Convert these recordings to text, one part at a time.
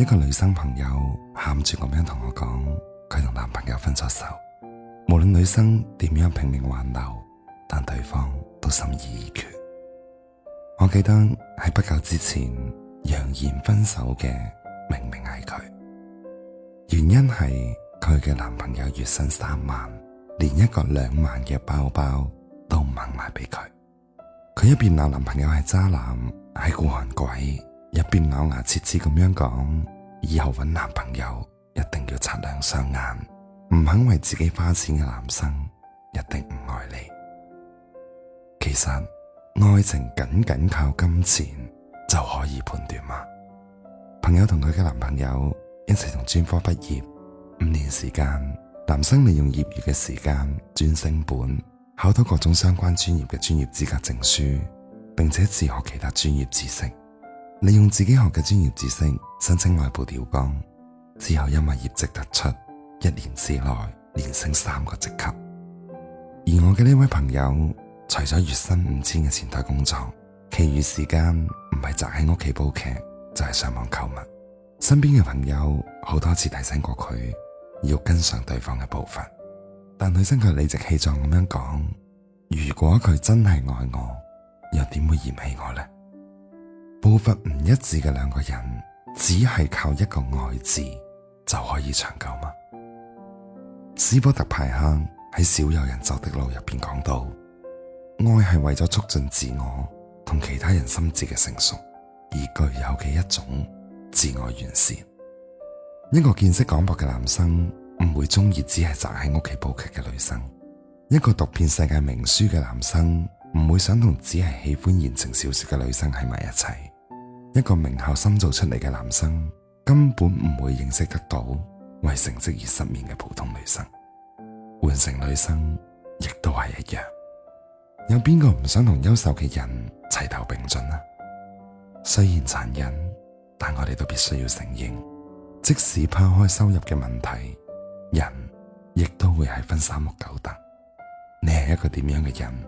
一個女生朋友喊住咁樣同我講，佢同男朋友分咗手。無論女生點樣拼命挽留，但對方都心意已決。我記得喺不久之前揚言分手嘅，明明係佢。原因係佢嘅男朋友月薪三萬，連一個兩萬嘅包包都唔肯買俾佢。佢一邊鬧男朋友係渣男，係孤寒鬼。一邊咬牙切齒咁樣講，以後揾男朋友一定要擦亮雙眼，唔肯為自己花錢嘅男生一定唔愛你。其實愛情僅僅靠金錢就可以判斷嗎？朋友同佢嘅男朋友一齊同專科畢業，五年時間，男生利用業餘嘅時間專升本，考到各種相關專業嘅專業資格證書，並且自學其他專業知識。利用自己學嘅專業知識申請外部調崗之後，因為業績突出，一年之內連升三個職級。而我嘅呢位朋友，除咗月薪五千嘅前台工作，其餘時間唔係宅喺屋企煲劇，就係上網購物。身邊嘅朋友好多次提醒過佢要跟上對方嘅步伐，但女生佢理直氣壯咁樣講：如果佢真係愛我，又點會嫌棄我呢？」步伐唔一致嘅兩個人，只係靠一個愛字就可以長久嗎？斯波特·派克喺少有人走的路入邊講到：愛係為咗促進自我同其他人心智嘅成熟而具有嘅一種自我完善。一個見識廣博嘅男生唔會中意只係宅喺屋企煲劇嘅女生；一個讀遍世界名書嘅男生唔會想同只係喜歡言情小說嘅女生喺埋一齊。一個名校深造出嚟嘅男生，根本唔會認識得到為成績而失眠嘅普通女生。換成女生亦都係一樣。有邊個唔想同優秀嘅人齊頭並進啊？雖然殘忍，但我哋都必須要承認，即使拋開收入嘅問題，人亦都會係分三六九等。你係一個點樣嘅人，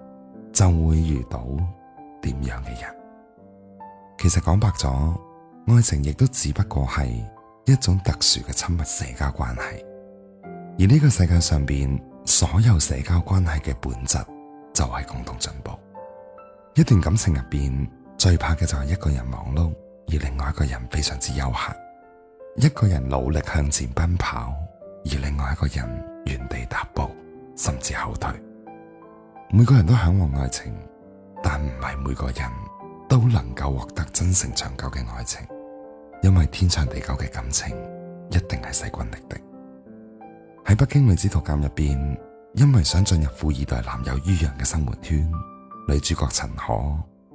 就會遇到點樣嘅人。其實講白咗，愛情亦都只不過係一種特殊嘅親密社交關係。而呢個世界上邊所有社交關係嘅本質就係共同進步。一段感情入邊最怕嘅就係一個人忙碌，而另外一個人非常之休閒；一個人努力向前奔跑，而另外一個人原地踏步，甚至後退。每個人都向往愛情，但唔係每個人。都能夠獲得真誠長久嘅愛情，因為天長地久嘅感情一定係勢均力敵。喺北京女子圖鑑入邊，因為想進入富二代男友于洋嘅生活圈，女主角陳可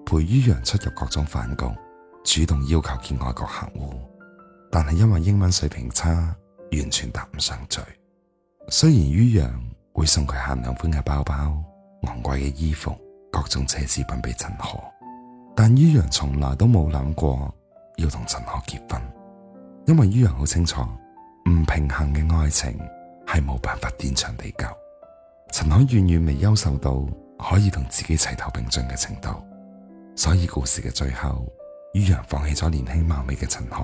陪于洋出入各種飯局，主動要求見外國客戶，但係因為英文水平差，完全答唔上嘴。雖然于洋會送佢限量款嘅包包、昂貴嘅衣服、各種奢侈品俾陳可。但于洋從來都冇諗過要同陳可結婚，因為于洋好清楚唔平衡嘅愛情係冇辦法天長地久。陳可遠遠未優秀到可以同自己齊頭並進嘅程度，所以故事嘅最後，于洋放棄咗年輕貌美嘅陳可，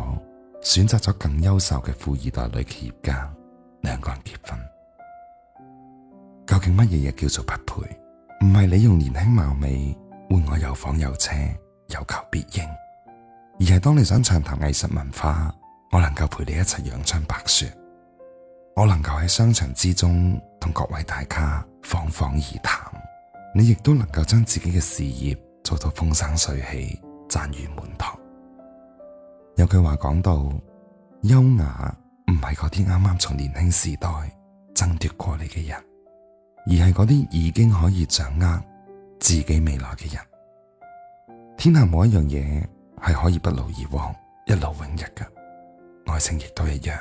選擇咗更優秀嘅富二代女企業家，兩個人結婚。究竟乜嘢嘢叫做匹配？唔係你用年輕貌美換我有房有車，有求必應，而係當你想暢談藝術文化，我能夠陪你一齊陽春白雪；我能夠喺商場之中同各位大咖侃侃而談，你亦都能夠將自己嘅事業做到風生水起、讚譽滿堂。有句話講到：優雅唔係嗰啲啱啱從年輕時代爭奪過嚟嘅人，而係嗰啲已經可以掌握自己未來嘅人。天下冇一樣嘢係可以不勞而獲、一勞永逸㗎，愛情亦都一樣。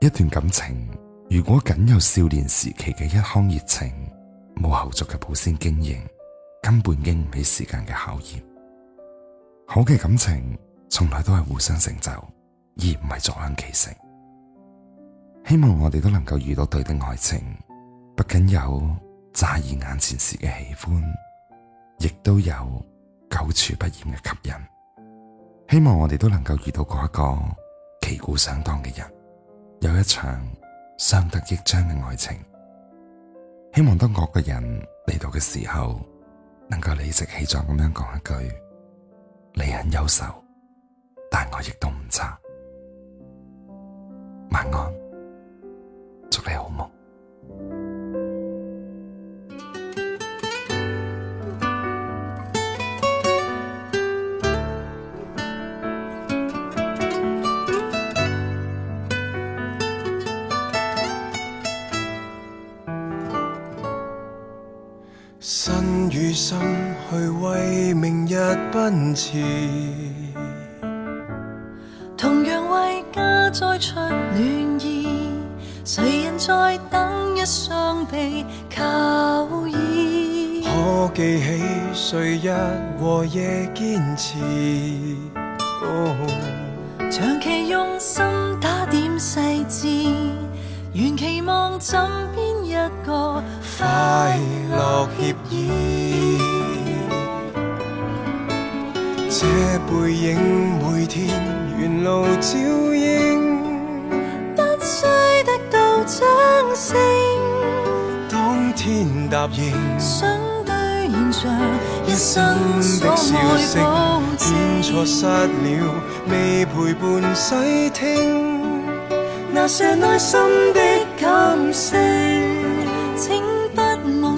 一段感情如果僅有少年時期嘅一腔熱情，冇後續嘅保鮮經營，根本經唔起時間嘅考驗。好嘅感情從來都係互相成就，而唔係坐享其成。希望我哋都能夠遇到對的愛情，不僅有乍現眼前時嘅喜歡，亦都有，久處不厭嘅吸引，希望我哋都能夠遇到嗰一個旗鼓相當嘅人，有一場相得益彰嘅愛情。希望當我嘅人嚟到嘅時候，能夠理直氣壯咁樣講一句：你很優秀，但我亦都唔差。晚安。身與心去為明日奔馳，同樣為家再出暖意，誰人在等一雙臂靠倚？可記起誰日和夜堅持？Oh. 長期用心打點細節，願期望枕邊一個快樂 這背影每天沿路照應，不需得到掌聲。當天答應相對現象，一生的笑聲，變錯失了未陪伴細聽，那些內心的感性。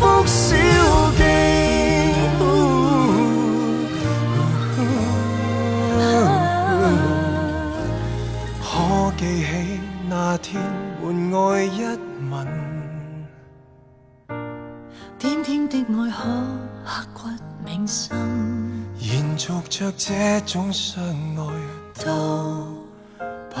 福小徑，可記起那天門外一吻，甜甜的愛可刻骨銘心，延續着這種相愛都不癥。